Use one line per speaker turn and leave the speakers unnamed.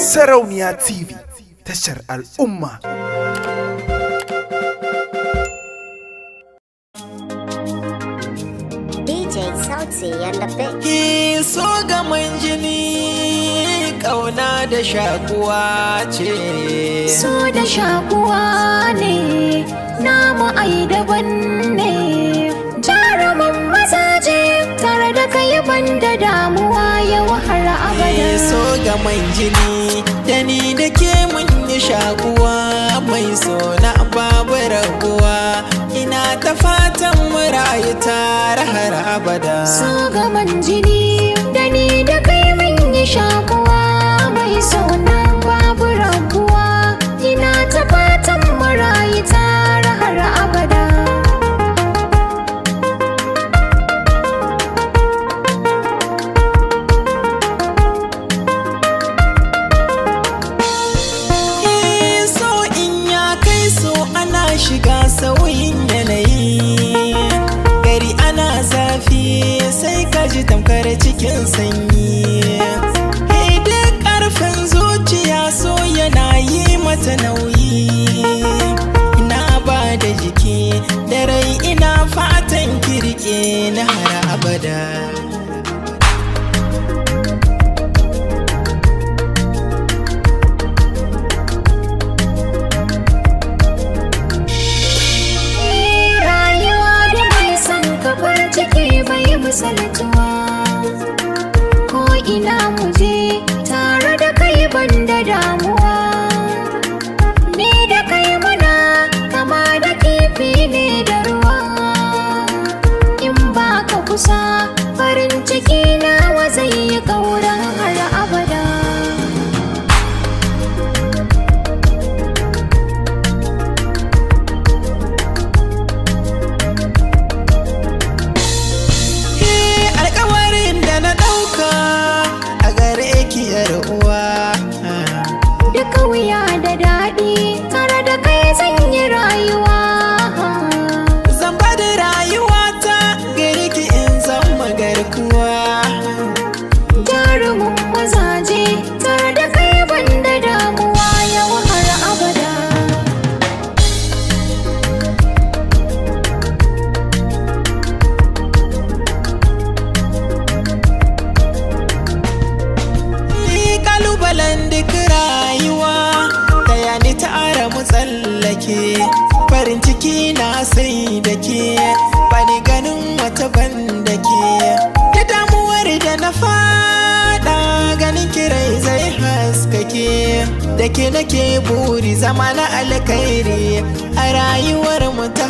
Sarauniya TV tashar al'umma. DJ Sauti Ki so gaman jini ƙauna da shakuwa ce. So da shakuwa ne, namu ai daban ne. mai jini da ni da ke mun yi shakuwa mai so na babu raguwa ina ta fatan mura yi tare har abada ji tamkar cikin sanyi Hei karfin ƙarfin zuciya so yana yi mata nauyi Ina ba da jiki da rai ina fatan kirki na har abada to ciki na sai da ke bani ganin wata ban da ke da damuwar da na fada ganin kirai zai haskake da ke nake buri zama na alkhairi a rayuwar mu ta